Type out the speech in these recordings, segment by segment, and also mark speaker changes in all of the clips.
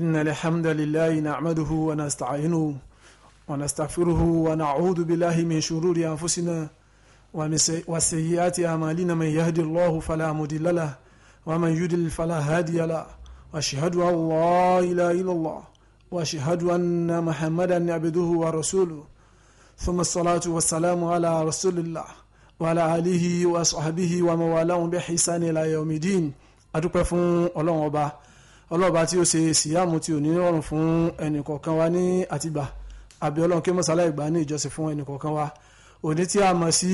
Speaker 1: إن الحمد لله نعمده ونستعينه ونستغفره ونعوذ بالله من شرور أنفسنا وسيئات أعمالنا من يهدي الله فلا مضل له ومن يضلل فلا هادي له وأشهد أن لا إله إلا الله وأشهد أن محمدا عبده ورسوله ثم الصلاة والسلام على رسول الله وعلى آله وصحبه ومن والاهم بإحسان إلى يوم الدين أدوك فون أولون ọlọ́ọ̀bá tí ó ṣe síyàmù tí ò ní rọrùn fún ẹnìkọ̀ọ̀kan wa ní àtìgbà àbí ọlọ́run kí mọ̀sálà ìgbà ní ìjọsìn fún ẹnìkọ̀ọ̀kan wa òní tí a mọ̀ sí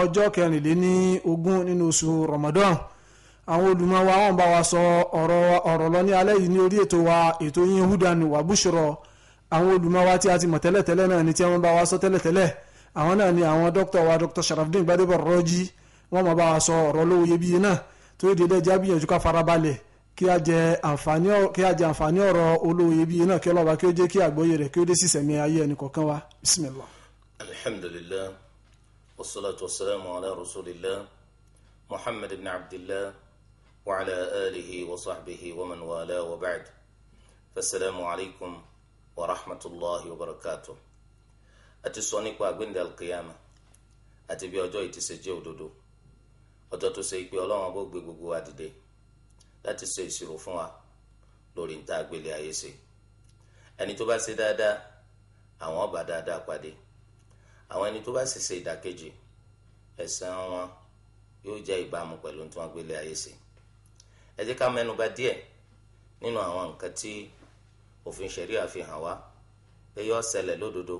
Speaker 1: ọjọ́ kẹrìnléní ogún nínú oṣù Ramadan àwọn olùmọ̀ wa wọ́n bá wa sọ ọ̀rọ̀ ọ̀rọ̀ lọ ní alẹ́ yìí ní orí ètò wa ètò yín hudan wa bushro àwọn olùmọ̀ wa tí a ti mọ̀ tẹ́lẹ̀tẹ́lẹ̀ náà ni tí wọ́n bá wa sọ tẹ́lẹ̀tẹ́lẹ̀ àwọn náà ni àwọn dókítà wa dr Sharafdin Gbadebo Rọ́jí wọ́n máa bá wa sọ ọ̀rọ̀ lówó iyebíye náà tó yẹ dédé jábìyànjú ká farabalẹ̀ kí a jẹ àǹfààní ọ̀rọ̀ olówó iyebíye náà kí ọlọ́ba kí ó jẹ́ kí àgbọ́yé rẹ̀ kí ó dé sí sẹ̀mí ayé ẹnì kọ̀ọ̀kan wa bisimilah.
Speaker 2: alhamdulilah wasalaatu wasalaamu ala rasulillah muhammad ibn abdillah wa ala alihi wa sahbihi wa man wala wa ba'd fasalaamu alaykum wa rahmatulahi wa barakatuh. a sọ nípa àgbéǹde alqiyama àti bí ọjọ́ ìtìsẹ̀jẹ́ òdodo ọjọ́ tó ṣe pé ọlọ́run ọgbọ́ gbé gbogbo wa láti ṣe ìṣirò fún wa lórí níta àgbélé ayé ṣe ẹni tó bá ṣe dáadáa àwọn ọba dáadáa pàdé àwọn ẹni tó bá sì ṣe ìdàkejì ẹ̀san wọn yóò jẹ́ ìbámu pẹ̀lú tí wọ́n gbélé ayé ṣe ẹ jẹ́ ká mẹ́nu bà díẹ̀ nínú àwọn nǹkan tí òfin ṣẹ̀ríà fi wá pé yóò ṣẹlẹ̀ lódodo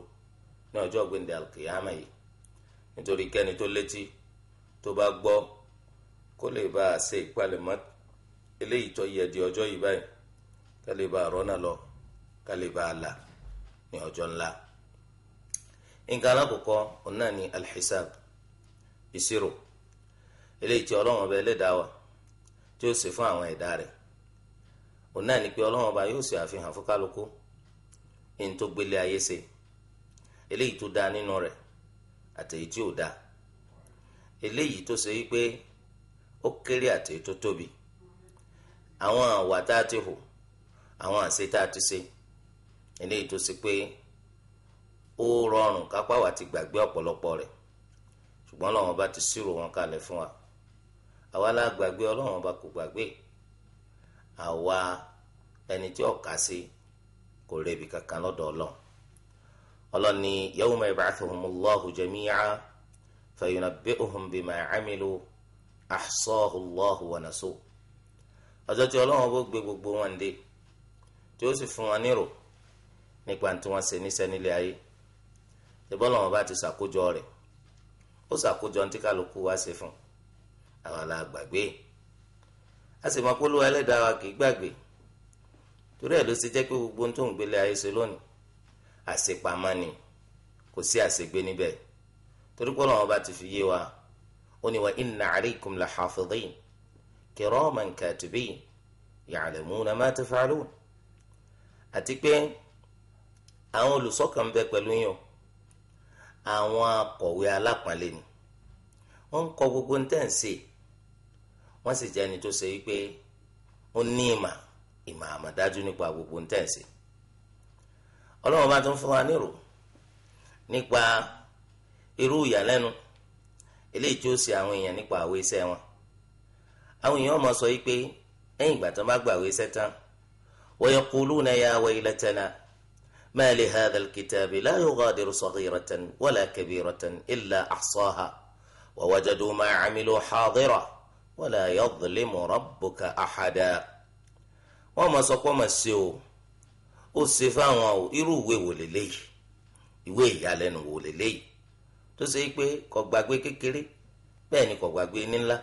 Speaker 2: ní ọjọ́ gbẹ̀ndẹ̀ alkiyama yìí nítorí kẹ́ni tó létí tó bá gbọ́ kó lè bá a ṣe ìpalẹ̀mọ́ eléyìí tó yẹ di ọjọ́ yìí báyìí kálí bá rọ́nà lọ kálí bá là ní ọjọ́ ńlá. nǹkan alákòókò òun náà ni alhisab ìṣirò eléyìí tí ọlọ́wọ́n bẹ ẹlẹ́dàá wa tí ó sì fún àwọn ẹ̀dá rẹ̀ òun náà ni pé ọlọ́wọ́n bá yóò ṣe àfihàn fún kálukú ní tó gbélé ayé ṣe eléyìí tó dáa nínú rẹ̀ àtẹ̀yí tí ò dáa eléyìí tó ṣe wípé ó kéré àtẹ̀yí tó tóbi àwọn àwà tá a ti hù àwọn àṣe tá a ti ṣe eléyìí tó ṣe pé ó rọrùn kápá wa ti gbàgbé ọ̀pọ̀lọpọ̀ rẹ̀ ṣùgbọ́n Ọlọ́run bá ti ṣírò wọn kalẹ̀ fún wa àwa la gbàgbé bá kò gbàgbé àwa ẹni tí ọ̀ka sí kò rebi kankan lọ́dọ̀ Ọlọ́run Ọlọ́run ní yawma yab'athuhumullahu jami'a fayunabbi'uhum bima 'amilu ahsahu Allahu wa nasuhu ọjọ́ tí ọlọ́run bó gbé gbogbo wọn dé tí ó sì fún wọn nírò nípa tí wọ́n ṣe níṣẹ́ nílé ayé ìbọn lọ́wọ́n bá ti ṣàkójọ rẹ̀ ó ṣàkójọ ní tí kálukú wá ṣe fún àwa la gbàgbé a sì mọ polówó ẹlẹ́dàá wa kì í gbàgbé torí ẹ̀ ló ṣe jẹ́ pé gbogbo tó ń gbélé ayé ṣe lónìí àṣepamọ́ ni kò sí àṣegbé níbẹ̀ torí pé ọlọ́wọ́n bá ti fi yé wa ó ní wa inna alaykum la hafidhin kiraman katibin ya'lamuna ma taf'alun àti pé àwọn olùṣọ́kan bẹ pẹ̀lú yín o àwọn akọ̀wé alápọ̀nlé ni wọ́n ń kọ gbogbo ń tẹ̀sí wọ́n sì jẹ́ ẹni tó ṣe wípé ó ní ìmà ìmà àmọ̀dájú nípa gbogbo ń tẹ̀sí ọlọ́run bá tún fún wa nírò nípa irú ìyàlẹ́nu eléyìí tí ó ṣe àwọn èèyàn nípa àwọn iṣẹ́ wọn àwọn èèyàn máa sọ yìí pé lẹ́yìn ìgbà tán bá gbàwé sẹ́tàn wa yaquluna ya waylatana ma li hadha alkitabi la yughadiru saghiratan wala kabiratan illa ahsaha wa wajadu ma amilu hadira wala yadhlimu rabbuka ahada. wọ́n máa sọ pé ọmọ ṣe o ó ṣe fáwọn o irú ìwé wò lélẹ́yìí ìwé ìyàlẹ́nu wò lélẹ́yìí tó ṣe pé kò kékeré bẹ́ẹ̀ ni kò ní ńlá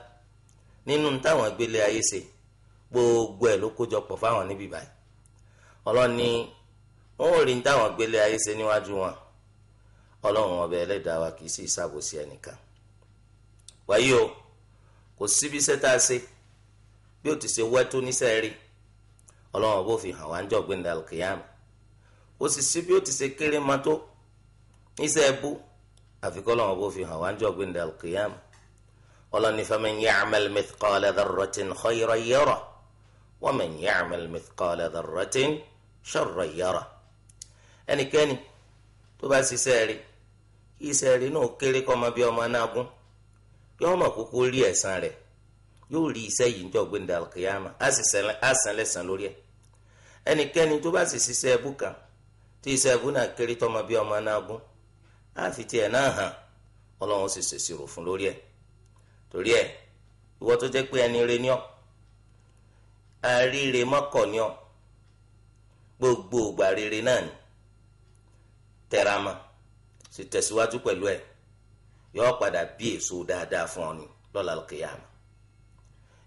Speaker 2: nínú táwọn gbélé ayé ṣe gbogbo ẹ̀ ló kójọpọ̀ fáwọn níbí báyìí ọlọ́run wọn ò rí táwọn gbélé ayé ṣe níwájú wọn ọlọ́run ọbẹ̀ ẹlẹ́dàá wa kì í sì ṣàbòsí ẹnìkan wáyé o kò síbi iṣẹ́ tá a ṣe bí o ti ṣe wẹ́ tó níṣẹ́ rí ọlọ́run bó fi hàn wá ń jọ gbẹ̀ndà kìyàmù o sì sí bí o ti ṣe kéré ma tó níṣẹ́ bú àfikọ́ ọlọ́run bó fi hàn wá ń jọ gbẹ̀ndà kìyàmù ọlọ́ni faman ya'mal mithqala dharratin khayran yara wa man ya'mal mithqala dharratin sharran yara. ẹnikẹ́ni tó bá ṣiṣẹ́ rí kí iṣẹ́ rí náà kéré kọ́ ọmọ bí ọmọ náà gún yóò mọ̀ kókó rí ẹ̀san rẹ̀ yóò rí iṣẹ́ yìí níjọ́ gbẹ̀ndà kìyàmà á san lẹ́san lórí ẹ̀ ẹnikẹ́ni tó bá sì ṣiṣẹ́ ẹbú kan tí iṣẹ́ náà kéré tọ́mọ bí ọmọ náà á fi tiẹ̀ náà hàn ọlọ́run sì ṣèṣirò fún lórí ẹ̀ torí ẹ ìwọ tó jẹ́ pé ẹni re ni ọ́ àríre mọ́kọ̀ ni ọ́ gbogbo ògbà rere náà ni tẹ̀rama sì tẹ̀síwájú pẹ̀lú ẹ̀ yóò padà bí èso dáadáa fún ọ ni lọ́la kìyàmù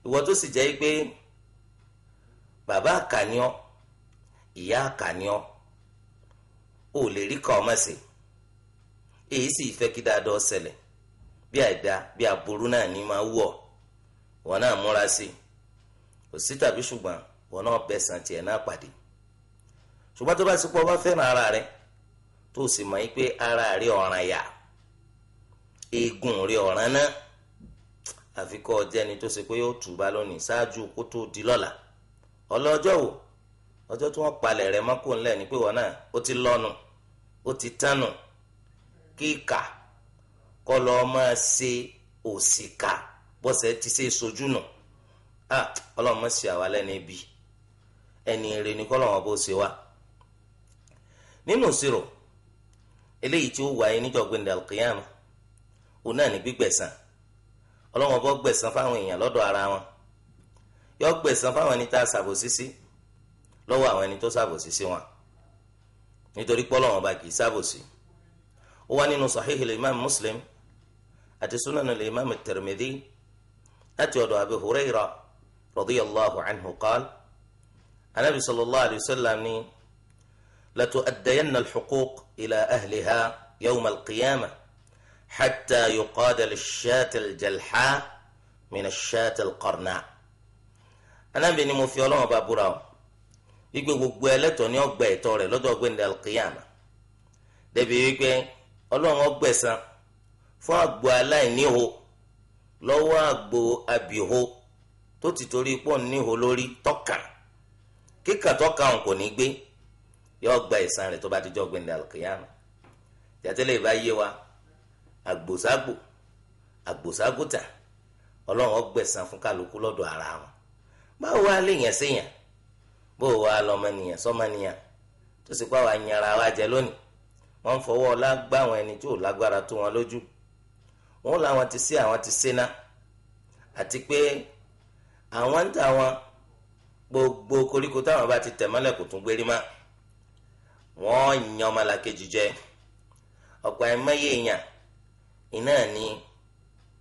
Speaker 2: ìwọ tó sì jẹ́ pé bàbá àkànníọ́ ìyá àkànníọ́ ò lè rí kà ọmọ sí èyí sì fẹ́ kí dáadáa ṣẹlẹ̀ bí àìdá bí aburú náà ní máa wọ̀ wọn náà múra sí i kò sí tàbí ṣùgbọ́n wọn náà bẹ̀ sàn tiẹ̀ náà pàdé ṣùgbọ́n tó bá ti pọ̀ bá fẹ́ràn ara rẹ tó sì mọ̀ pé ara rẹ ọ̀ràn yà eegun rẹ ọ̀ràn náà àfi kọ́ tó ṣe pé yóò tù bá lónìí ṣáájú kó tó di lọ́la ọlọ́jọ́ wo ọjọ́ tí wọ́n palẹ̀ rẹ mọ́kò ńlẹ̀ ni pé wọn náà ó ti lọ́nu ó ti tánu kíkà kọ́ lọ máa ṣe òṣìkà bọ́sẹ̀ ti ṣe sojú nù ọlọ́run má ṣe àwa lẹ́ni bí ẹni rẹ ni kọ́lọ́run bó ṣe wá. nínú ìṣirò eléyìí tí ó wáyé níjọ̀gbìn dàlùkìyàmù òun náà ní gbígbẹ̀sán ọlọ́run ọbọ̀ gbẹ̀sán fáwọn èèyàn lọ́dọ̀ ara wọn yọ gbẹ̀sán fáwọn ẹni tá a ṣàbòsí sí lọ́wọ́ àwọn ẹni tó ṣàbòsí sí wọn nítorí pé ọba kì í ṣàbòsí ó wá nínú sahihil imam muslim àti sunanu lè imáàmù Tirmidhi láti ọ̀dọ̀ Abu Hurairah radiyallahu anhu qaal anabi sallallahu alayhi wa sallam ni latu adayanna alxuquq ila ahliha yawma alqiyama xata yuqaada lishaata aljalxa min ashaata alqarna anabi ni mo fi ọlọ́wọ́n bá o wípé gbogbo ẹlẹ́tọ̀ ni ó gba ẹ̀tọ́ rẹ̀ lọ́dọ̀ gbẹ̀ndẹ̀ alqiyama débi wípé ọlọ́wọ́n ó gbẹ̀san fún àgbo aláìního lọ́wọ́ àgbo abìho tó ti torí pọ̀ ního lórí tọ́ka kíkà tọ́ka òun kò ní gbé yọ gba ìsan rẹ̀ tó bá ti jọ gbẹ̀ndẹ̀ àlùkìyàmù jàtẹ́lẹ̀ ìbá yé wa àgbòságbò àgbòságùtà ọlọ́run ọgbẹ̀san fún kálukú lọ́dọ̀ ara wọn báwo wá léèyàn séèyàn bó wá lọmọnìyàn sọmọnìyàn tó sì pàwọn àyànra wa jẹ lónìí wọn ń fọwọ́ ọlá gbá àwọn ẹni tí lágbára tó wọn lójú wọn làwọn ti na àwọn ti ṣe ná àti pé àwọn ń tà wọn gbogbo koríko táwọn bá ti tẹ mọ́lẹ̀ kò tún gbérí mọ́ wọ́n yan ọmọlàkejì jẹ ọ̀pọ̀ ẹ̀mọ́yé èèyàn iná ni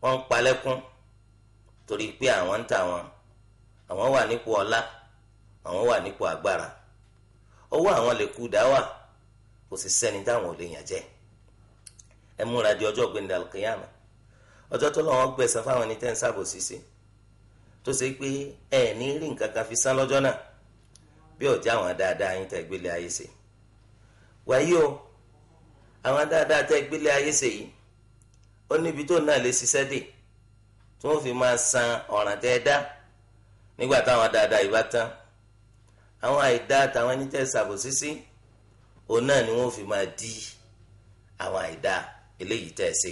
Speaker 2: wọ́n ń palẹ́kún torí pé àwọn ń tà wọn àwọn wà nípò ọlá àwọn wà nípò agbára owó àwọn lè kú dá wà kò sì sẹ́ni táwọn ò lè yàn ẹ múra di ọjọ́ ọjọ́ tó lọ́wọ́ gbẹ̀sán fáwọn ẹni tẹ́ ń sábò ṣiṣẹ́ tó ṣe pé ẹ ní rí nǹkan kan fi san lọ́jọ́ náà bí ọ̀já àwọn dáadáa yín tẹ́ gbélé ayé ṣe wàyí o àwọn dáadáa tẹ́ gbélé ayé ṣe yìí ó níbi tó náà lè ṣiṣẹ́ dè tí wọ́n fi máa san ọ̀ràn tẹ́ dá nígbà táwọn dáadáa yìí bá tán àwọn àìdá àtàwọn ẹni tẹ́ ṣàbò sísí òun náà ni wọ́n fi máa di àwọn àìdá eléyìí tẹ́ ṣe.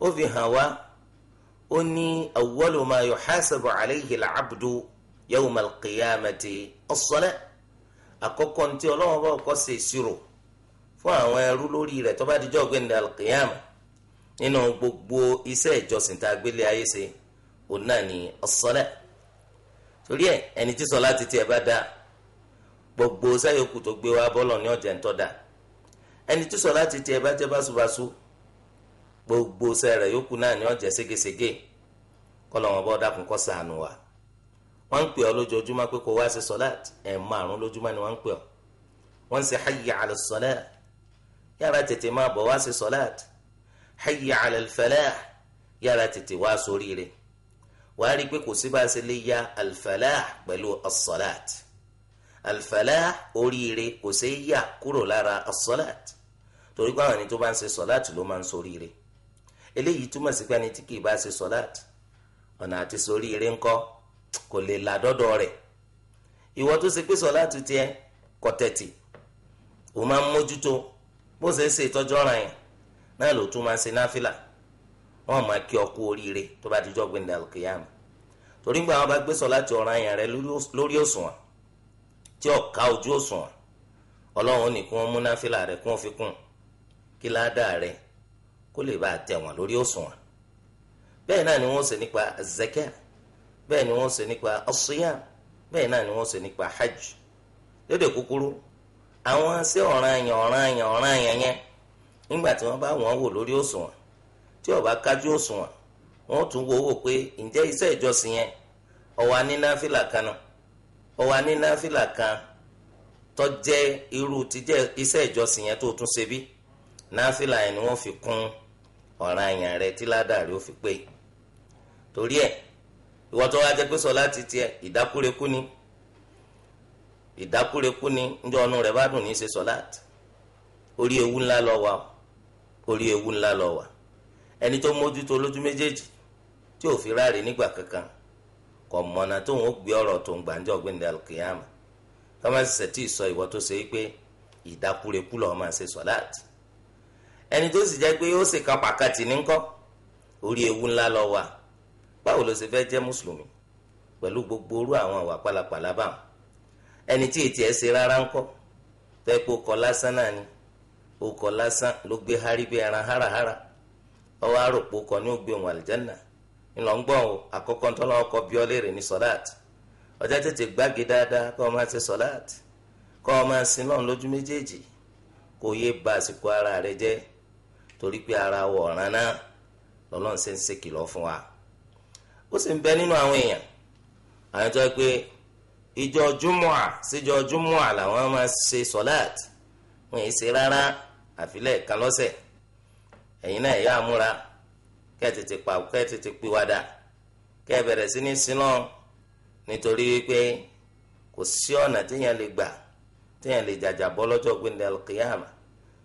Speaker 2: ó fi hàn wá ó ní awwalu ma yuhasabu alayhi al-abdu yawma al-qiyamati as-salat àkọ́kọ́ ntí ọlọ́wọ́n bá kọ́ ṣe ìṣirò fún àwọn ẹrú lórí rẹ̀ tó bá dijọ́ gbẹ̀ndẹ̀ al-qiyama nínú gbogbo iṣẹ́ ìjọsìn tá a gbélé ayé ṣe òun náà ní as torí ẹ ẹni tí sọlá ti tiẹ̀ bá dáa gbogbo sáyẹ̀kù tó gbé wá bọ́lọ̀ ní ọ̀jẹ̀ ń tọ́ da ẹni tí sọlá ti tiẹ̀ bá jẹ́ báṣubàṣu gbogbo sẹ́rẹ̀ yòókù náà ni wọ́n jẹ́ ségesège kọ́lọ́wọ́n bọ́ dákun kó ṣàánú wa wọ́n ń pè ọ́ lójoojúmọ́ pé kó wá sí sọ́láàtì ẹ̀ márùn lójúmọ́ ni wọ́n ń pè ọ́ wọ́n ń ṣe hayya ala sọ́láà yára tètè máa bọ̀ wá sí sọ́láàtì hayya ala al-falah yára tètè wá sóríire wàá rí i pé kò sí bá a ṣe lè ya al-falah pẹ̀lú as oríire kò sí yà kúrò lára as torí pé àwọn ẹni tó bá ń ṣe sọ́láàtì ló máa ń sóríire. So eléyìí túmọ̀ sí pé ẹni tí kì í bá ṣe sọ́láàtì ọ̀nà àti sórí eré ńkọ́ kò lè là dọ́dọ̀ rẹ̀ ìwọ tó ṣe pé sọ́láàtì tiẹ̀ tẹ̀tì ò máa ń mójútó bó ṣe ń ṣe ìtọ́jú ọ̀ràn yẹn náà ló tún máa ń ṣe náfìlà wọn máa kí ọ oríire tó bá dijọ́ gbé nílẹ̀ torí gbà rẹ lórí òṣùwọ̀n tí ojú òṣùwọ̀n ọlọ́run ní kí wọ́n mú náfìlà rẹ kí kó lè bá tẹ̀ wọ́n lórí òṣùwọ̀n bẹẹ náà ni wọn sọ nípa zakat bẹ́ẹ̀ ni wọn sọ nípa as bẹẹ bẹ́ẹ̀ náà ni wọn sọ nípa hajj lédè kúkúrú àwọn ṣé ọ̀ranyàn ọ̀ranyàn ọ̀ranyàn yẹn nígbà tí wọ́n bá wọ́n wò lórí òṣùwọ̀n tí ó bá kájú òṣùwọ̀n wọ́n tún wò wò pé ǹjẹ́ iṣẹ́ ìjọsìn yẹn ó wà ní náfìlà kan náà ó wà ní náfìlà kan tó jẹ́ irú ti jẹ́ iṣẹ́ ìjọsìn yẹn tó tún ṣe bí náfìlà yẹn ni wọ́n fi kún un ọ̀ràn àyàn rẹ tí ládàrí ó fi pé torí ẹ̀ ìwọ tó wá jẹ́ pé sọláàtì tiẹ̀ ìdákúrekú ni ìdákúrekú ni ndị ọ̀nù rẹ̀ bá dùn ní í ṣe orí ewu ńlá lọ wà orí ewu ńlá lọ wà ẹni tó mójútó lójú méjèèjì tí ò fi ráre nígbà kankan kò mọ̀nà gbé ọ̀rọ̀ tó ń gbà gbẹ̀ndẹ̀ sẹ́tì sọ ìwọ tó ṣe é pé ìdákúrekú lọ́ọ́ máa ṣe ẹni tó sì jẹ́ pé ó sì kan pàkàtì ní kọ́ orí ewu ńlá lọ wà báwo ló ṣe fẹ́ jẹ́ mùsùlùmí pẹ̀lú gbogbo orú àwọn àwà pálapàla báwọn ẹni tí ètì ẹ̀ ṣe rárá ń fẹ́ pé ó kọ lásán náà ni ó kọ lásán ló gbé hárí bí ẹran ọwọ́ àròpọ̀ ní ògbé òun ńlọ máa ṣe sọ́láàt kọ́ ara rẹ jẹ́ torí pé ara wọ̀ ọ̀ràn náà lọ́lọ́run ṣe ń ṣèkìlọ̀ fún wa ó sì ń bẹ nínú àwọn èèyàn àwọn tó yẹ pé ìjọ júmọ̀à síjọ júmọ̀à làwọn máa ṣe sọ́láàt wọn yìí ṣe rárá àfilẹ̀ kan lọ́sẹ̀ ẹ̀yin náà yóò amúra kẹ́ ẹ̀ tètè pa kẹ́ ẹ̀ tètè pìwàdà kẹ́ ẹ̀ bẹ̀rẹ̀ sí ní sinọ́ nítorí wípé kò sí ọ̀nà téèyàn lè gbà téèyàn lè jàjà bọ́ lọ́jọ́ gbẹ̀ndẹ̀ alqiyama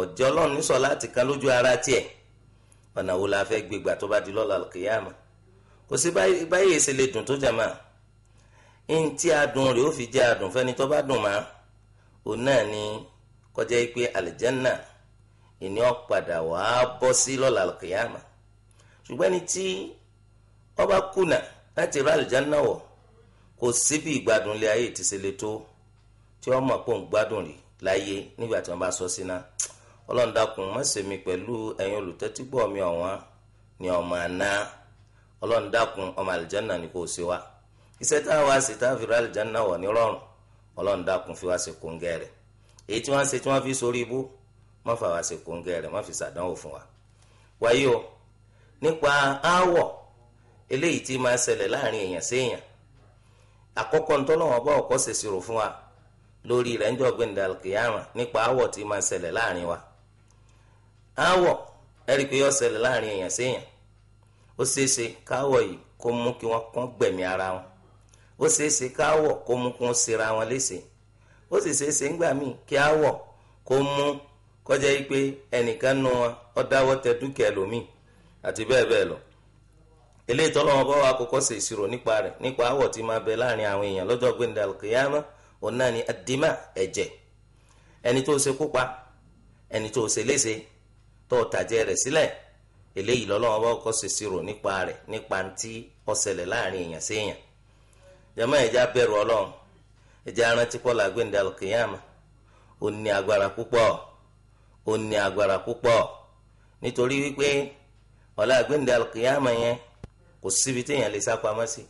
Speaker 2: ọjọ́ ọlọ́run ní sọ̀láàtì kan lójú ara tiẹ̀ ọ̀nà wo la fẹ́ gbégbà tó bá di lọ́la kìyàmà kò sí báyìí èsè lè dùn tó jàmà ní tí adùn rẹ̀ ó fi jẹ́ adùn fẹ́ni tó bá dùn máa òun náà ni kọjá pé àlìjánà ìní ọ̀padà wàá bọ́ sí lọ́la kìyàmà ṣùgbọ́n ní tí ọba kùnà láti rà àlìjánà wọ̀ kò síbi ìgbádùn ilé ayé ìtìsílẹ̀ tó tí wọ́n mọ̀ pé òun gbádùn rí láyé nígbà tí wọ́n bá sọ sínú ọlọ́ndàkùn mọ́sẹ̀mí pẹ̀lú ẹ̀yin olùtẹ́tígbọ́ mi ọ̀wọ́n ni ọmọ àná ọlọ́ndàkùn ọmọ àlìjánà ni kò ṣe wá iṣẹ́ tá a wá sí tá a fi ra àlìjánà wọ̀ ní rọrùn ọlọ́ndàkùn fi wá si kóńgẹ́ rẹ̀ èyí tí wọ́n ṣe tí wọ́n fi sórí ibú má fà wá ṣe kóńgẹ́ rẹ̀ fi ṣàdánwò fún wa. wáyé o nípa aáwọ̀ eléyìí tí máa ṣẹlẹ̀ láàrin èèyàn àkọ́kọ́ bá ṣèṣirò fún wa lórí rẹ̀ ń jọ nípa aáwọ̀ tí máa ṣẹlẹ̀ láàrin wa. awọ ẹ rí i pé yóò ṣẹlẹ̀ láàrin èèyàn séèyàn ó ṣeéṣe káwọ̀ yìí kó mú kí wọn ara wọn ó ṣeéṣe káwọ̀ kó mú kí wọ́n wọn léṣe ó sì ṣeéṣe ńgbà míì kí kó mú kọjá yìí pé ẹnìkan nu wọn ó tẹ dúkìá lómi àti bẹ́ẹ̀ bẹ́ẹ̀ lọ
Speaker 1: eléyìí tọ́lọ́wọ́n bá wa
Speaker 2: kọ́kọ́ ṣe ìṣirò nípa rẹ̀ nípa aáwọ̀ tí máa bẹ láàrin àwọn adima ẹ̀jẹ̀ ẹni tó ṣe kópa ẹni tó tó tàjẹ rẹ̀ sílẹ̀ eléyìí lọ́lọ́wọ́ bá kọ́ ṣe ṣirò nípa rẹ̀ nípa ti ọ̀sẹ̀lẹ̀ láàrin èèyàn sí èèyàn jẹ́mọ́ ẹ̀já bẹ̀rù ọlọ́run ẹ̀já arántí pọ̀ làgbéǹda kìyàmà ó ní agbára púpọ̀ ó ní agbára nítorí wípé yẹn kò síbi téèyàn lè sí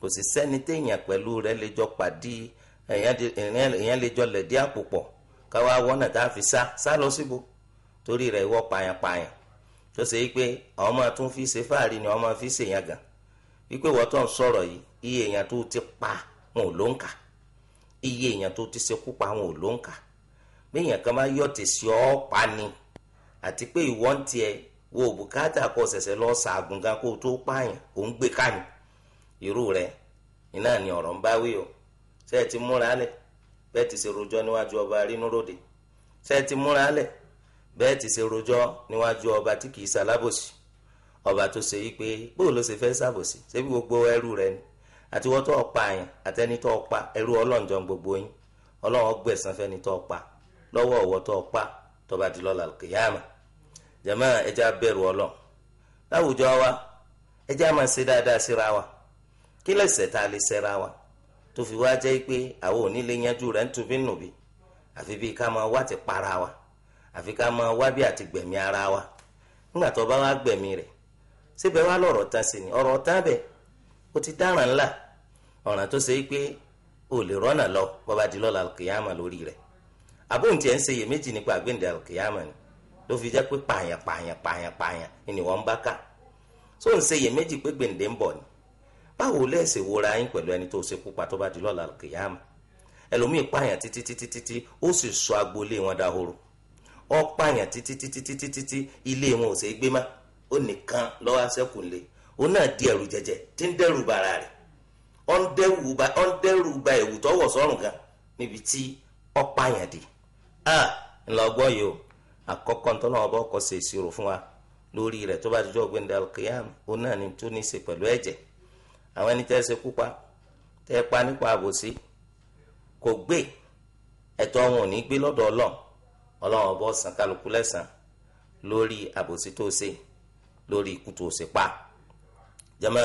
Speaker 2: kò sì téèyàn fi sá sá lọ torí rẹ̀ ikpe payan payan tó ṣe pé àwọn máa tún fi ṣe fáàrí ni àwọn máa fi ṣe yàn gan wípé wọ́n tó ń yìí iye èèyàn tó ti pa wọn ò ló iye èèyàn tó ti ṣekú pa wọn ò ló ń kà kan bá yọ̀ tèsí ọ́ pa ni àti pé ń tiẹ̀ wo bùkátà ṣẹ̀ṣẹ̀ gan kó o tó pààyàn ń gbé irú iná ni ọ̀rọ̀ ń bá wí o ti múra lẹ̀ bẹ́ẹ̀ ti ṣe rojọ́ níwájú ọba bẹ́ẹ̀ ti ṣe rojọ́ níwájú ọba tí kìí ṣalábòsí ọba tó ṣe yí pé bóun ló ṣe fẹ́ ṣàbòsí ṣébi gbogbo ẹrú rẹ ni àti wọ́n tó ọ̀pá yẹn àtẹni tó ọ̀pá ẹrú ọlọ́njọ́ gbogbo yín ọlọ́wọ́ gbẹ̀sán fẹ́ni tó ọ̀pá lọ́wọ́ ọ̀wọ́ tó ọ̀pá tọba di lọ́la kìyàmà jàmá ẹja bẹ̀rù ọlọ́ láwùjọ wa ẹja máa ṣe dáadáa síra wa kí lẹ́sẹ̀ ta a lè ṣẹra wa tó fi wá jẹ́ pé àwọn òní lè yanjú rẹ̀ ń wa àfi ká máa ati gbemi àti gbẹ̀mí ara wa nígbà tó bá wá gbẹ̀mí rẹ̀ síbẹ̀ wá lọ̀rọ̀ tán sí ni ọ̀rọ̀ tán bẹ̀ ó ti dáràn ńlá ọ̀ràn tó ṣe pé o lè rọ́nà lọ bọ́ba di lọ́la alkiyama lórí rẹ̀ ẹ̀ ń ṣe iyèméjì nípa àgbéǹde alkiyama ni ló fi jẹ́ pé pààyàn pààyàn pààyàn pààyàn ni wọ́n ń bá kà tó ń ṣe iyèméjì pé gbèǹde ń bọ̀ ni báwo lẹ́sẹ̀ wo ra yín pẹ̀lú ẹni tó ṣe pupa tó bá di wọ́n pààyàn títí títí títí títí ilé wọn ò ṣe gbé má ó nìkan lọ́wọ́ aṣẹ́kùn lé òun náà di ẹ̀rù jẹjẹ tí ń dẹ́rù bàrà rẹ̀ ó ń dẹ́rù ba ẹ̀wù tó gan níbi tí ó pààyàn dé ńlọgbọ́ yìí o àkọ́kọ́ tó náà ọba ọkọ̀ ṣe ìṣirò fún wa lórí rẹ̀ tó bá náà tó ní í ṣe pẹ̀lú ẹ̀jẹ̀ àwọn ẹni tẹ́ ẹ ṣe kú ọlọ́run ọba ọ̀sán kálukú lẹ́sàn lórí àbòsí tó ṣe lórí ikú tó ṣe pa jama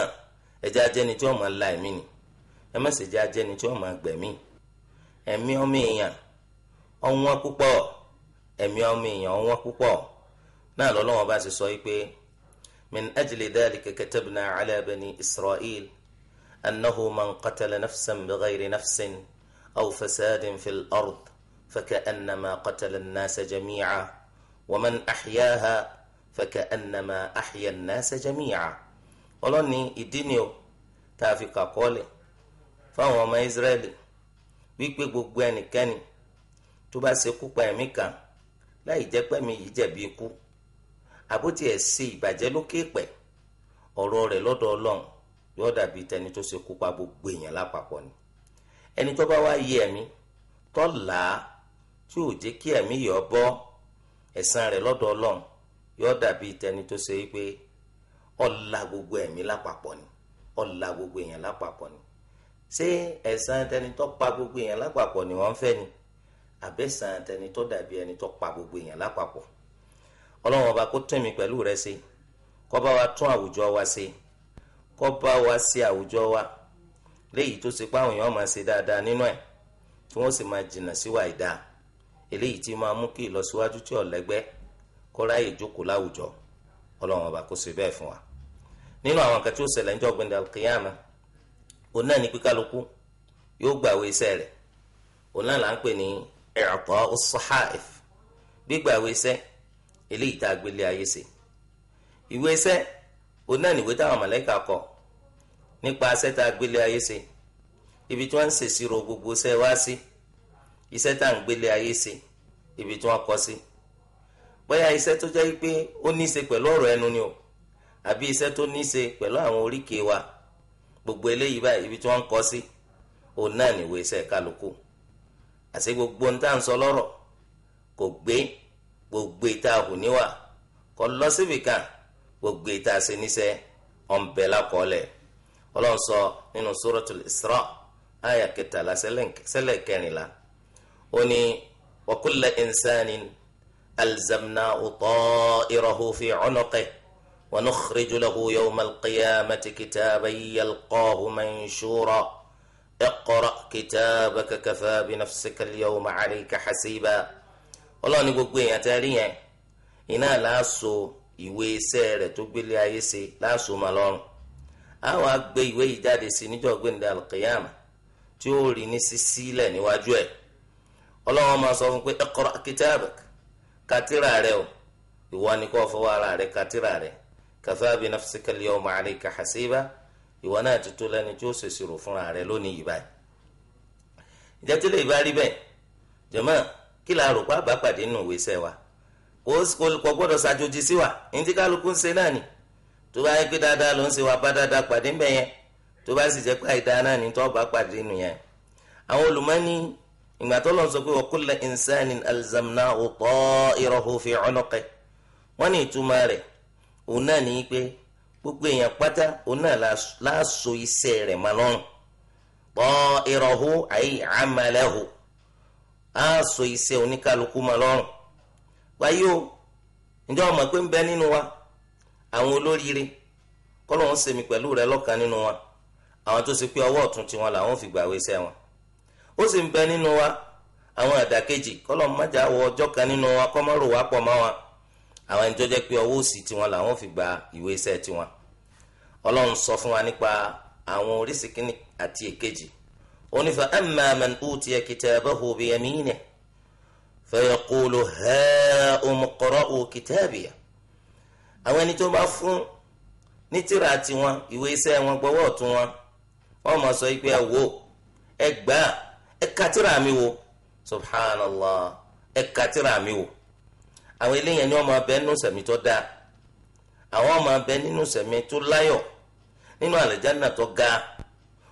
Speaker 2: ẹjẹ ajẹni tí wọn máa la ẹ̀mí ni ẹ má ṣe jẹ ajẹni tí wọn máa gbẹ̀mí ẹ̀mí ọmọ èèyàn ọ̀wọ́n púpọ̀ ẹ̀mí ọmọ èèyàn ọ̀wọ́n púpọ̀ náà lọ́lọ́wọ́n bá ṣe sọ yìí pé min ajli dhalika katabna ala bani isra'il annahu man qatala nafsan bighayri nafsin aw fasadin fil ard. فكأنما قتل الناس جميعا ومن أحياها فكأنما أحيا الناس جميعا ọlọ́ni ìdí ni o tá a fi kàkọ́ọ̀lẹ̀ fáwọn ọmọ Ísírẹ́lì wípé gbogbo ẹnikẹ́ni tó bá ṣekú pa ẹ̀mí kan láì jẹ́ pẹ́mi yìí jẹ̀bi ikú àbótí ẹ̀ ṣe ìbàjẹ́ lókè pẹ̀ ọ̀rọ̀ rẹ̀ lọ́dọ̀ Ọlọ́run yóò dàbí tẹni tó ṣekú pa gbogbo èèyàn lápapọ̀ ni ẹni tó bá wá yé ẹ̀mí tó là tí ò jẹ́ kí ẹ̀mí yọ̀ bọ́ ẹ̀san rẹ̀ lọ́dọ̀ ọlọ́run yóò dàbí tẹni tó ṣe pé ọ̀la gbogbo ẹ̀mí lápapọ̀ ni ọ̀la gbogbo èèyàn lápapọ̀ ni ṣé ẹ̀san tẹni tó pa gbogbo èèyàn lápapọ̀ ni wọ́n ń fẹ́ ni àbẹ̀san tẹni tó dàbí ẹni tó pa gbogbo èèyàn lápapọ̀ ọlọ́run ọba kó tún mi pẹ̀lú rẹ ṣe kó bá wa tún àwùjọ wa ṣe kó bá wa ṣe àwùjọ wa léyìí tó ṣe pé èèyàn máa ṣe dáadáa nínú ẹ̀ tí wọ́n sì máa jìnnà síwáyé dáa. eléyìí tí máa mú kí ìlọsíwájú tí ọ̀lẹ́gbẹ́ kó ráyè jókòó láwùjọ ọlọ́run ọba kó ṣe bẹ́ẹ̀ fún wa nínú àwọn nǹkan tí ó ṣẹlẹ̀ níjọ́ gbẹ̀ndà kìyàmà òun náà ní píkálukú yóò gbàwé iṣẹ́ rẹ̀ òun náà là ń pè ní ẹ̀rọ̀pọ̀ ọ̀sọ́háìf gbígbàwé iṣẹ́ eléyìí tá a gbélé ayé ṣe ìwé iṣẹ́ òun náà táwọn mọ̀lẹ́kà kọ nípa ibi tí wọ́n ń gbogbo iṣẹ́ wá sí iṣẹ́ tá à ń ibi tí wọ́n kọ́ sí bóyá iṣẹ́ tó jẹ́ pé ó ní í ṣe pẹ̀lú ọ̀rọ̀ ẹnu ni o àbí iṣẹ́ tó ní í ṣe pẹ̀lú àwọn oríkèé wa gbogbo eléyìí báyìí ibi tí wọ́n ń kọ́ sí òun náà nìwé iṣẹ́ kálukú àti gbogbo ń tà ń sọ lọ́rọ̀ kò gbé gbogbo ìta hùníwà kò lọ síbi kan gbogbo ìta ṣe níṣẹ́ ọ̀nbẹ lákọọ́lẹ̀ ọlọ́run sọ nínú Suratul Isra àyà kẹtàlá sẹ́lẹ̀ kẹrìnlá ó ní. وكل إنسان ألزمناه طائره في عنقه ونخرج له يوم القيامة كتابا يلقاه منشورا اقرأ كتابك كفى بنفسك اليوم عليك حسيبا ọlọ́ọ̀ni gbogbo èèyàn tẹ́ rí yẹn iná láàṣọ ìwé iṣẹ́ rẹ̀ tó gbélé ayé ṣe láàṣọ mà lọ́rùn àwọn àgbẹ̀ ìwé yìí jáde sí níjọ́ gbẹ̀ndẹ̀ alqiyama tí ó rí ní sísílẹ̀ níwájú ẹ̀ ọlọ́wọ́n máa sọ fún pé iqra kitabak katira rẹ o ìwọ ni kò fọwọ́ ara rẹ katira rẹ kafa bi nafsika al-yawma alayka hasiba ìwọ náà ti tó lẹ́ni tí ó ṣèṣì rò fúnra rẹ lónìí yìí báyìí. ìjẹ́ tí lè bá rí bẹ́ẹ̀ jọ̀mọ́ kí la rò pa àbápàdé nù wa kò gbọ́dọ̀ ṣàjòjì sí wa ní kálukú ń ṣe náà ni tó bá yẹ pé dáadáa ló ń ṣe wa bá dáadáa pàdé ń bẹ̀ yẹn ìgbà tó lọ́n sọ pé wa kulla insanin alzamnahu ta'irahu fi unuqih wọ́n ní ìtumọ̀ rẹ̀ òun náà ní pé gbogbo èèyàn pátá òun náà láàṣọ iṣẹ́ rẹ̀ máa lọ́rùn ta'irahu ay amalahu àṣọ iṣẹ́ oníkálukú máa lọ́rùn wáyé o ǹjẹ́ ọmọ pé ń bẹ nínú wa àwọn olóríire kọ́lọ́hún ṣèmi pẹ̀lú rẹ̀ lọ́kàn nínú wa àwọn tó ṣe pé ọwọ́ ọ̀tún tiwọn làwọn fi gbàwé ó sì ń bẹ nínú wa àwọn àdàkejì kọ́lọ̀ májà wọ ọjọ́ kan nínú wa kọ́ mọ́rò wá pọ̀ mọ́ wa àwọn ẹni tó pé òsì tiwọn làwọn fi gba ìwé iṣẹ́ tiwọn ọlọ́run sọ fún wa nípa àwọn oríṣi kínní àti èkejì ó ní fa amma man utiya kitabahu bi yaminihi fa yaqulu ha'um iqra'u kitabiya àwọn ẹni tó bá fún ní tírà tiwọn ìwé wọn wọn sọ pé ẹ wò ẹ̀ka tíra mi subhanallah ẹ̀ka tíra mi wò àwọn eléyàn ni wọ́n máa bẹ nínú sẹ̀mí tó dáa àwọn máa bẹ nínú sẹ̀mí tó láyọ̀ nínú àlẹ́jánà tó ga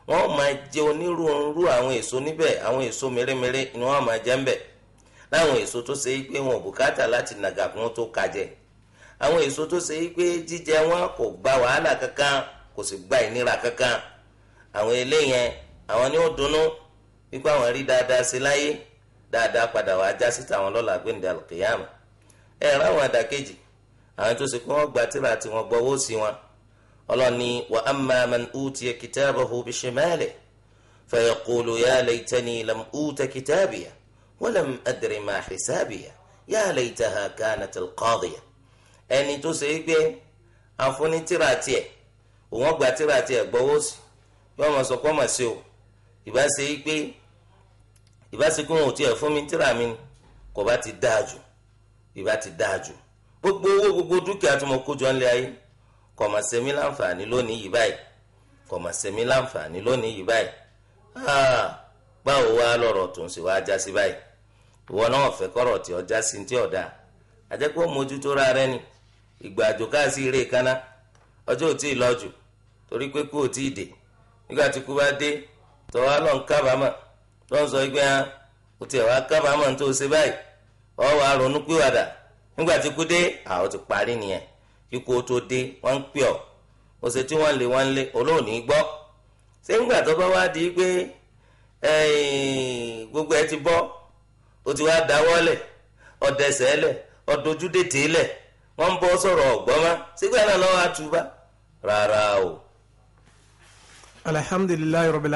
Speaker 2: wọ́n máa jẹ onírúurú àwọn èso níbẹ̀ àwọn èso mèremère ni wọ́n máa jẹ ńbẹ̀ láwọn èso tó ṣe é pé wọn ò bùkátà láti nàgà kún tó kajẹ àwọn èso tó ṣe é pé jíjẹ wọn kò gba wàhálà kankan kò sì gba ìnira kankan àwọn eléyẹn àwọn ni ó dunnú wípé àwọn rí dáadáa sí láyé dáadáa padà wàá já síta àwọn lọ́la gbẹ̀ǹdà alùkìyàmù ẹ̀ ráwọn àdàkejì àwọn tó ṣe pé wọ́n gba tíra tí wọ́n gbọ́wọ́ sí wọn ọlọ́ni wa amma man utiya kitabahu bishimalihi فيقول يا ليتني لم أوت كتابيه ولم أدر ما حسابيه يا ليتها كانت القاضية ẹni tó ṣe é gbé àfúnni tíra tiẹ̀ òun ọgbà tíra tiẹ̀ gbọ́wọ́ sí yọọ mọ sọ pé sí o ìbá ṣe gbé ìbáṣekú wọn ò tiẹ̀ fún mi tíra mi ni kò bá ti dáa jù ìbá ti dáa jù gbogbo owó gbogbo dúkìá tí mo kó jọ ńlẹ̀ ayé kò mà ṣe mí láǹfààní lónìí yìí báyìí kò mà ṣe láǹfààní lónìí yìí báyìí ah, báwo wá lọ̀rọ̀ tó ń ṣe wá já báyìí ìwọ náà fẹ́ kọ́rọ̀ tí ọjà sí ti ọ̀dà àjẹpọ̀ mójútó ra rẹ ni ìgbà àjò káàsì eré kaná ọjọ́ ò tí ì lọ jù torí pé kú ò tí ì dé nígbà tí kú bá dé tọ́wá lọ́n kábàámọ̀ lọ́sọ̀ ìgbẹ́ yẹn kò tiẹ̀ wá kábàámọ̀ tó ṣe báyìí ọ̀ wá pìwàdà nígbà tí kú dé àwọn ti parí nìyẹn kíkó tó dé wọ́n ń pè ọ́ ó ṣe tí wọ́n lé wọ́n lé olóòní gbọ́ ṣé tó bá gbogbo ẹ ti bọ́ ti wá wọ́n ń bọ́ sọ̀rọ̀ ọ̀gbọ́n sígbà náà lọ́wọ́ rárá o.
Speaker 1: alhamdulilayi rabbil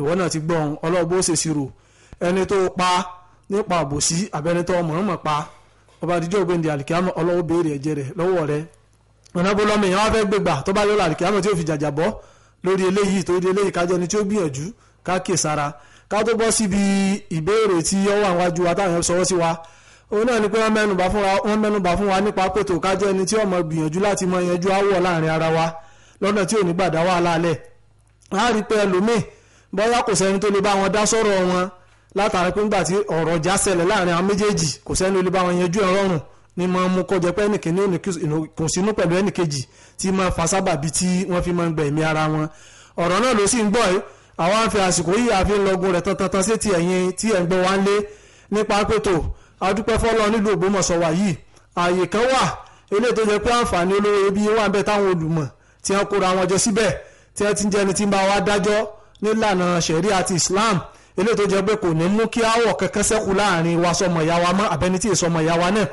Speaker 1: ìwọ náà ti gbọ́ ohun ọlọ́ọ̀bù ṣèṣirò ẹni tó pa nípa àbòsí àbẹni tó mọ̀ọ́mọ̀ pa ọba àdìjọ́ ògbéǹde àlìkíyàmọ̀ ọlọ́wọ́ béèrè ẹ̀jẹ̀ rẹ̀ lọ́wọ́ rẹ̀ ọ̀nàbó lọ́mọ èèyàn wá fẹ́ gbégbà tó bá lọ́la àlìkíyàmọ̀ tí ó fi jàjà bọ́ lórí eléyìí torí eléyìí kájọ ni tí ó gbìyànjú ká kè sára ká tó bọ́ síbi ìbéèrè tí ó wà wájú wa táwọn sọwọ́ sí wa òun náà ni pé wọ́n mẹ́nuba fún wa wọ́n mẹ́nuba fún wa nípa pètò kájọ ẹni tí ó mọ gbìyànjú láti mọ yanjú áwọ̀ láàrin ara wa lọ́nà tí ò ní gbàdá wàhálà alẹ́ láàrin pé ẹlòmíì bóyá kò sẹ́ni tó lè bá wọn dá sọ̀rọ̀ wọn látara pé nígbà tí ọ̀rọ̀ já ṣẹlẹ̀ láàrin àwọn méjèèjì kò sẹ́ni tó lè bá wọn yanjú ẹ̀ rọrùn ni máa mú kó jẹ́ pé ẹnìkíní kò sínú pẹ̀lú ẹnìkejì tí máa fa sábàbí tí wọ́n fi máa ń gbẹ̀mí ara wọn ọ̀rọ̀ náà ló sì ń gbọ́ ẹ́ àwọn àfi àsìkò yìí àfi lọ́gùn rẹ̀ tantan sétí ẹ̀yìn tí ẹ̀ ń gbọ́ wá ń lé nípa pẹ̀tọ̀ adúpẹ́ nílànà ṣẹ̀rí àti Islam eléyìí tó jẹ́ pé kò ní mú kí áwọ̀ kankan ṣẹ́kù láàrin wa sọmọ ìyá wa mọ́ àbẹ́ni tí ìsọmọ ìyá wa náà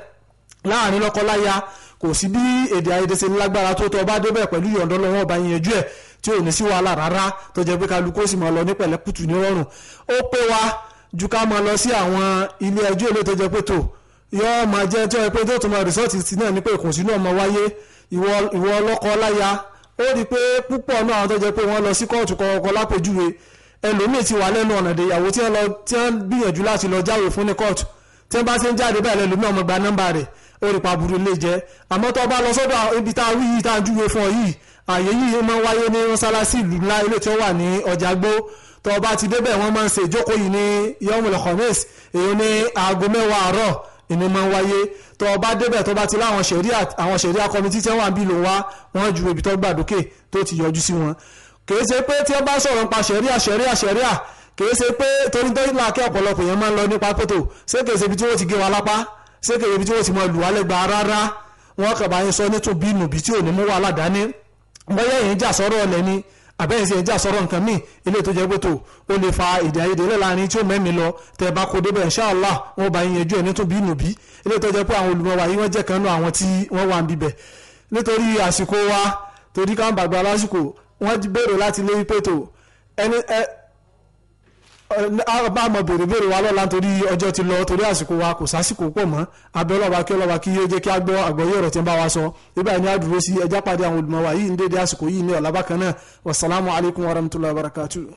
Speaker 1: láàrin lọ́kọ́láya kò sí bí èdè àìyedè ṣe lágbára tó tọ́ bá débẹ̀ pẹ̀lú ìyọ̀ǹdọ́ lọ́wọ́ ọba ìyẹnjú ẹ̀ tí ò ní sí wàhálà rárá tó jẹ́ pé kálukú sì máa lọ ní pẹ̀lẹ́kùtù nírọ̀rùn ó pé wa ju ká máa lọ sí àwọn ilé ẹjọ́ èlé tó jẹ́ pé tò yọ́ọ́ máa jẹ́ jọ́ pé tó tún máa rìsọ́ọ̀tì sí náà ní pé ìkùnsínú ọmọ wáyé ìwọ ọlọ́kọ láya ó rí i pé púpọ̀ náà àwọn tó jẹ́ pé wọ́n lọ sí kóòtù kọ̀ọ̀kan lápèjúwe ẹlòmíì ti wà lẹ́nu ọ̀nà ìdèyàwó tí wọ́n gbìyànjú láti lọ jáwé fún ní kóòtù tí wọ́n bá ṣe ń jáde báyìí lẹ́lòmíì ọmọ gba nọ́mbà rẹ̀ ó rí pàbùrù lè jẹ́ àmọ́ tó bá lọ sọ́dọ̀ ibi tá a wí yìí tá a júwe fún ọ yìí àyè yìí máa wáyé ní mọ́sálásí ìlú ńlá ilé tí ó wà ní ọjà gbó tó bá ti débẹ̀ wọ́n máa ń ṣe ìjókòó yìí ní yọmùlẹ̀ kọ̀mẹ́sì èyí ní aago mẹ́wàá àárọ̀ ìní máa ń wáyé tó o bá débẹ̀ tó o bá ti láwọn ṣẹ̀ríà àwọn ṣẹ̀ríà kọ́mítì tẹ́wọ̀n àbí ló wá wọ́n ju ibi tó gbà dókè tó ti yọjú sí wọn. kìí ṣe pé tí wọ́n bá sọ̀rọ̀ nípa ṣẹ̀ríà ṣẹ̀ríà ṣẹ̀ríà kìí ṣe pé torí tó ìlà akẹ́ ọ̀pọ̀lọpọ̀ yẹn máa ń lọ nípa pẹ̀tò ṣé kìí ṣe ibi tí wọ́n ti gé wa lápá ṣé kìí ṣe ibi tí wọ́n ti mọ lù àbẹ́yẹsí ẹ̀já sọ̀rọ̀ nǹkan míì ilé tó jẹ́ pé tó ó lè fa èdè àìyedè ilé láàrin tí ó mẹ́mi lọ tẹ̀ bá kó débẹ̀ inṣàlá wọn bá yín yanjú ẹ̀ ní tó bí nùbí ilé tó jẹ́ pé àwọn olùmọ̀ wa yìí wọ́n jẹ́ kan nú àwọn tí wọ́n wà ń bibẹ̀ nítorí àsìkò wa torí káwọn bàgbà lásìkò wọ́n béèrè láti lé pé bá mọ bèrè bèrè wa lọ́la torí ọjọ́ ti lọ torí àsìkò wa kò sásìkò pọ̀ mọ́ abẹ́ ọlọ́ba kí ọlọ́ba kí yé jẹ́ kí a gbọ́ àgbọ̀yé ọ̀rọ̀ tí ń bá wa sọ ibà ní àdúró sí ẹjá pàdé àwọn olùmọ̀ yìí ń dédé àsìkò yìí ní ọ̀làbákan náà wasalaamu alaykum wa rahmatulahi wa barakatuh.